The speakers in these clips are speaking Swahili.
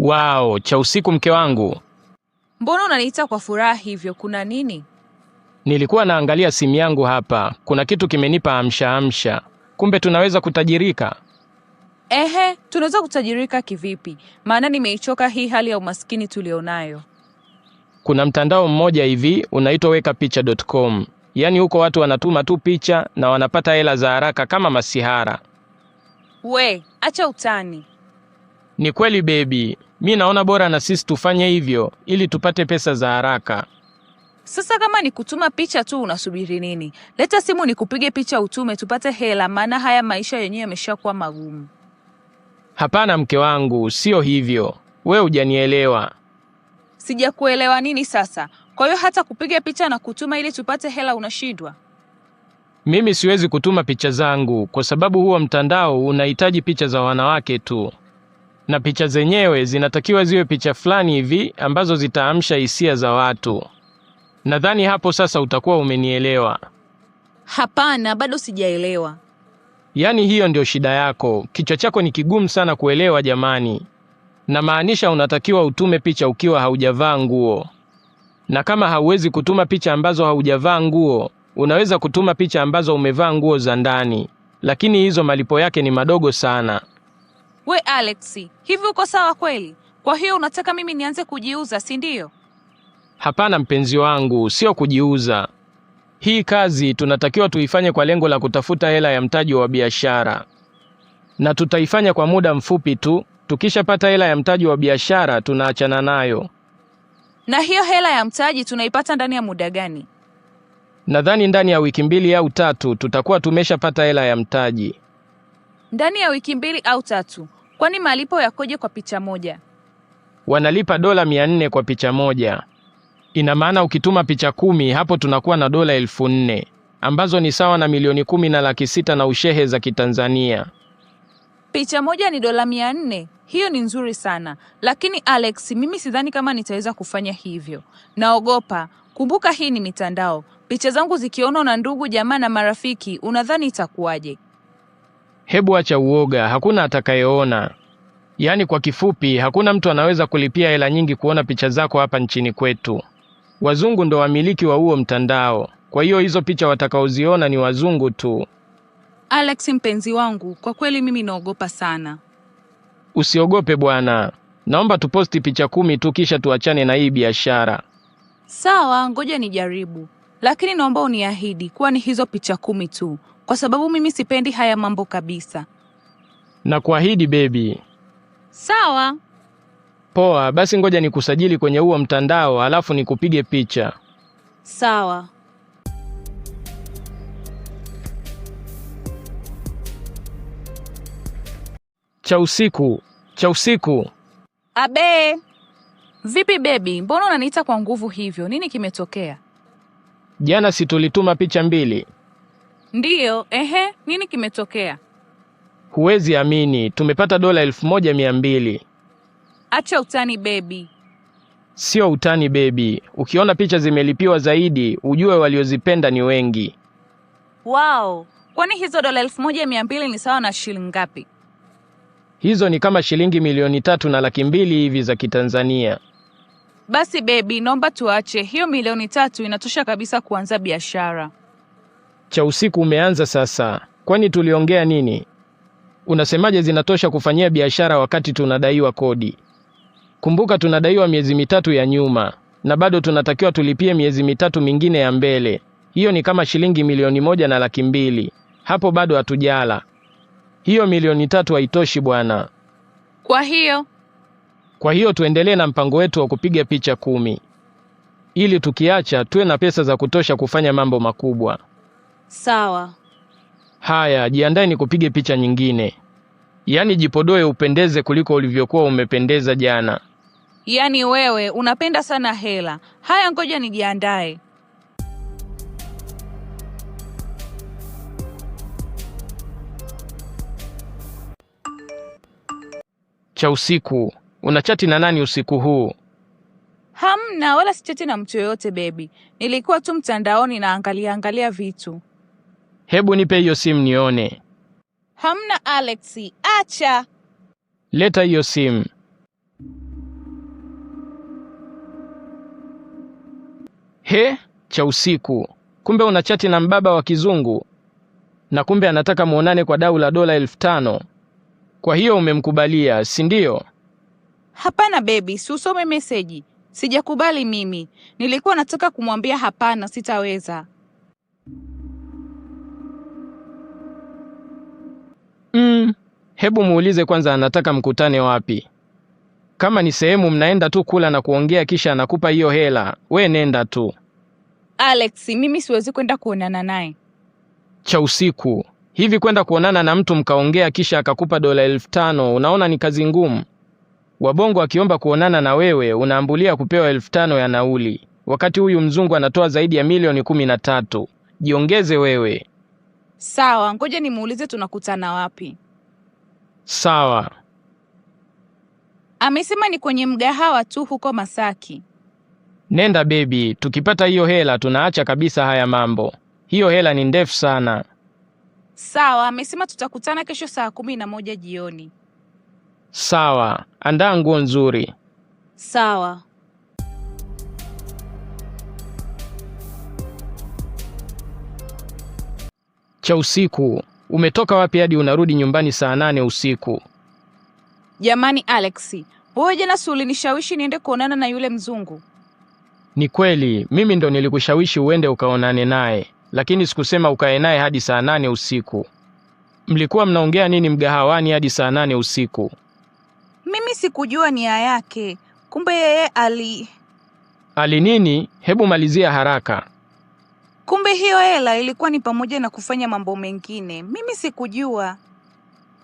Wao, cha usiku mke wangu. Mbona unaniita kwa furaha hivyo? Kuna nini? Nilikuwa naangalia simu yangu hapa, kuna kitu kimenipa amsha amsha. Kumbe tunaweza kutajirika. Ehe, tunaweza kutajirika kivipi? Maana nimeichoka hii hali ya umaskini tulionayo. Kuna mtandao mmoja hivi unaitwa wekapicha.com. Yaani huko watu wanatuma tu picha na wanapata hela za haraka kama masihara. We, acha utani. Ni kweli baby. Mi naona bora na sisi tufanye hivyo ili tupate pesa za haraka. Sasa kama ni kutuma picha tu, unasubiri nini? Leta simu nikupige picha utume, tupate hela, maana haya maisha yenyewe yameshakuwa magumu. Hapana mke wangu, sio hivyo, we hujanielewa. Sijakuelewa nini sasa? Kwa hiyo hata kupiga picha na kutuma ili tupate hela unashindwa? Mimi siwezi kutuma picha zangu kwa sababu huo mtandao unahitaji picha za wanawake tu na picha zenyewe zinatakiwa ziwe picha fulani hivi ambazo zitaamsha hisia za watu. Nadhani hapo sasa utakuwa umenielewa. Hapana, bado sijaelewa. Yaani hiyo ndio shida yako, kichwa chako ni kigumu sana kuelewa jamani. Na maanisha unatakiwa utume picha ukiwa haujavaa nguo, na kama hauwezi kutuma picha ambazo haujavaa nguo, unaweza kutuma picha ambazo umevaa nguo za ndani, lakini hizo malipo yake ni madogo sana. We Alexi, hivi uko sawa kweli? Kwa hiyo unataka mimi nianze kujiuza, si ndio? Hapana mpenzi wangu, sio kujiuza. Hii kazi tunatakiwa tuifanye kwa lengo la kutafuta hela ya mtaji wa biashara, na tutaifanya kwa muda mfupi tu. Tukishapata hela ya mtaji wa biashara, tunaachana nayo. Na hiyo hela ya mtaji tunaipata ndani ya muda gani? Nadhani ndani ya wiki mbili au tatu tutakuwa tumeshapata hela ya mtaji. Ndani ya wiki mbili au tatu. Kwani malipo yakoje kwa picha moja? Wanalipa dola mia nne kwa picha moja. Ina maana ukituma picha kumi hapo tunakuwa na dola elfu nne ambazo ni sawa na milioni kumi na laki sita na ushehe za Kitanzania. Picha moja ni dola mia nne. Hiyo ni nzuri sana, lakini Alex, mimi sidhani kama nitaweza kufanya hivyo, naogopa. Kumbuka hii ni mitandao. Picha zangu zikionwa na ndugu, jamaa na marafiki, unadhani itakuwaje? Hebu acha uoga, hakuna atakayeona. Yaani kwa kifupi, hakuna mtu anaweza kulipia hela nyingi kuona picha zako hapa nchini kwetu. Wazungu ndo wamiliki wa huo mtandao, kwa hiyo hizo picha watakaoziona ni wazungu tu. Alex mpenzi wangu, kwa kweli mimi naogopa sana. Usiogope bwana, naomba tuposti picha kumi tu, kisha tuachane na hii biashara. Sawa, ngoja nijaribu lakini naomba uniahidi kuwa ni hizo picha kumi tu, kwa sababu mimi sipendi haya mambo kabisa. Nakuahidi bebi. Sawa. Poa, basi ngoja nikusajili kwenye huo mtandao alafu nikupige picha. Sawa. Cha usiku, cha usiku. Abe. Vipi bebi, mbona unaniita kwa nguvu hivyo? Nini kimetokea? Jana si tulituma picha mbili? Ndiyo. Ehe, nini kimetokea? Huwezi amini, tumepata dola elfu moja mia mbili. Acha utani bebi. Sio utani bebi, ukiona picha zimelipiwa zaidi ujue waliozipenda ni wengi. Wow, kwani hizo dola elfu moja mia mbili ni sawa na shilingi ngapi? Hizo ni kama shilingi milioni tatu na laki mbili hivi za Kitanzania. Basi bebi, naomba tuache hiyo, milioni tatu inatosha kabisa kuanza biashara. Cha usiku umeanza sasa, kwani tuliongea nini? Unasemaje zinatosha kufanyia biashara wakati tunadaiwa kodi? Kumbuka tunadaiwa miezi mitatu ya nyuma na bado tunatakiwa tulipie miezi mitatu mingine ya mbele. Hiyo ni kama shilingi milioni moja na laki mbili. Hapo bado hatujala. Hiyo milioni tatu haitoshi bwana. Kwa hiyo kwa hiyo tuendelee na mpango wetu wa kupiga picha kumi ili tukiacha tuwe na pesa za kutosha kufanya mambo makubwa. Sawa. Haya, jiandae ni kupige picha nyingine. Yaani jipodoe upendeze kuliko ulivyokuwa umependeza jana. Yaani wewe unapenda sana hela. Haya, ngoja nijiandae. Cha usiku. Unachati na nani usiku huu? Hamna, wala sichati na mtu yoyote bebi, nilikuwa tu mtandaoni naangalia angalia vitu. Hebu nipe hiyo simu nione. Hamna Alexi, acha. Leta hiyo simu. He, cha usiku, kumbe unachati na mbaba wa kizungu na kumbe anataka muonane kwa dau la dola elfu tano. Kwa hiyo umemkubalia, si ndio? Hapana bebi, siusome meseji. Sijakubali mimi. Nilikuwa nataka kumwambia hapana, sitaweza. Mm, hebu muulize kwanza anataka mkutane wapi. Kama ni sehemu mnaenda tu kula na kuongea kisha anakupa hiyo hela, we nenda tu. Alex, mimi siwezi kwenda kuonana naye. Cha usiku. Hivi kwenda kuonana na mtu mkaongea kisha akakupa dola elfu tano, unaona ni kazi ngumu? Wabongo akiomba kuonana na wewe unaambulia kupewa elfu tano ya nauli, wakati huyu mzungu anatoa zaidi ya milioni kumi na tatu. Jiongeze wewe. Sawa, ngoja nimuulize tunakutana wapi. Sawa. Amesema ni kwenye mgahawa tu huko Masaki. Nenda bebi, tukipata hiyo hela tunaacha kabisa haya mambo. Hiyo hela ni ndefu sana. Sawa, amesema tutakutana kesho saa kumi na moja jioni. Sawa, andaa nguo nzuri. Sawa. Cha usiku, umetoka wapi hadi unarudi nyumbani saa nane usiku? Jamani Alexi, wewe jana si ulinishawishi niende kuonana na yule mzungu? Ni kweli, mimi ndo nilikushawishi uende ukaonane naye, lakini sikusema ukae naye hadi saa nane usiku. Mlikuwa mnaongea nini mgahawani hadi saa nane usiku? Mimi sikujua nia yake, kumbe yeye ali ali nini? Hebu malizia haraka. Kumbe hiyo hela ilikuwa ni pamoja na kufanya mambo mengine, mimi sikujua.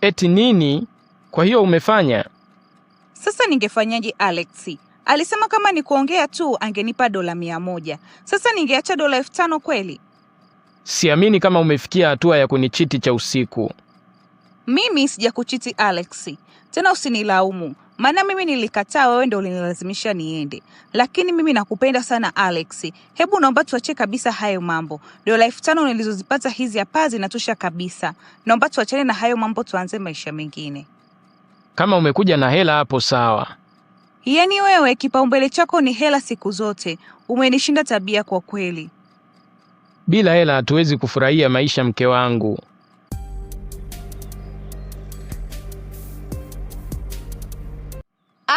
Eti nini? Kwa hiyo umefanya? Sasa ningefanyaje Alexi? Alisema kama ni kuongea tu angenipa dola mia moja. Sasa ningeacha dola elfu tano kweli? Siamini kama umefikia hatua ya kunichiti cha usiku. Mimi sijakuchiti Alexi, tena usinilaumu, maana mimi nilikataa, wewe ndio ulinilazimisha niende. Lakini mimi nakupenda sana Alex, hebu naomba tuache kabisa hayo mambo. Dola elfu tano nilizozipata hizi hapa zinatosha kabisa. Naomba tuachane na hayo mambo, tuanze maisha mengine. Kama umekuja na hela hapo sawa. yani wewe kipaumbele chako ni hela siku zote, umenishinda tabia kwa kweli. Bila hela hatuwezi kufurahia maisha, mke wangu.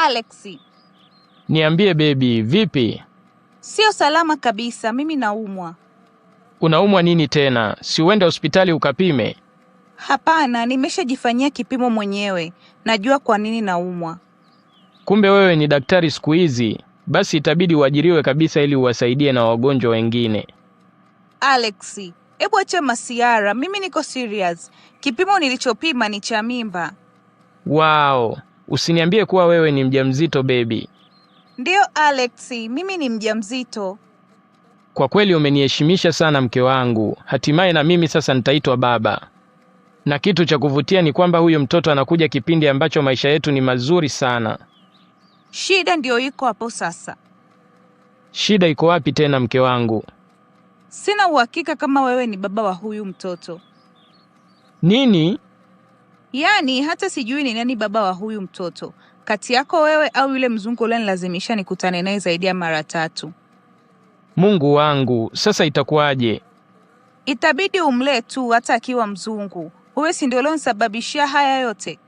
Alexi. Niambie bebi, vipi? Sio salama kabisa, mimi naumwa. Unaumwa nini tena? Si uende hospitali ukapime? Hapana, nimeshajifanyia kipimo mwenyewe. Najua kwa nini naumwa. Kumbe wewe ni daktari siku hizi. Basi itabidi uajiriwe kabisa ili uwasaidie na wagonjwa wengine. Alexi, hebu acha masiara, mimi niko serious. Kipimo nilichopima ni cha mimba. Wow, Usiniambie kuwa wewe ni mjamzito baby. Ndiyo Alex, mimi ni mjamzito. Kwa kweli umeniheshimisha sana mke wangu. Hatimaye na mimi sasa nitaitwa baba. Na kitu cha kuvutia ni kwamba huyu mtoto anakuja kipindi ambacho maisha yetu ni mazuri sana. Shida ndiyo iko hapo sasa. Shida iko wapi tena mke wangu? Sina uhakika kama wewe ni baba wa huyu mtoto. Nini? Yaani hata sijui ni nani baba wa huyu mtoto, kati yako wewe au yule mzungu ulionilazimisha nikutane naye zaidi ya mara tatu. Mungu wangu, sasa itakuwaje? Itabidi umlee tu, hata akiwa mzungu. Wewe si ndio ulionisababishia haya yote?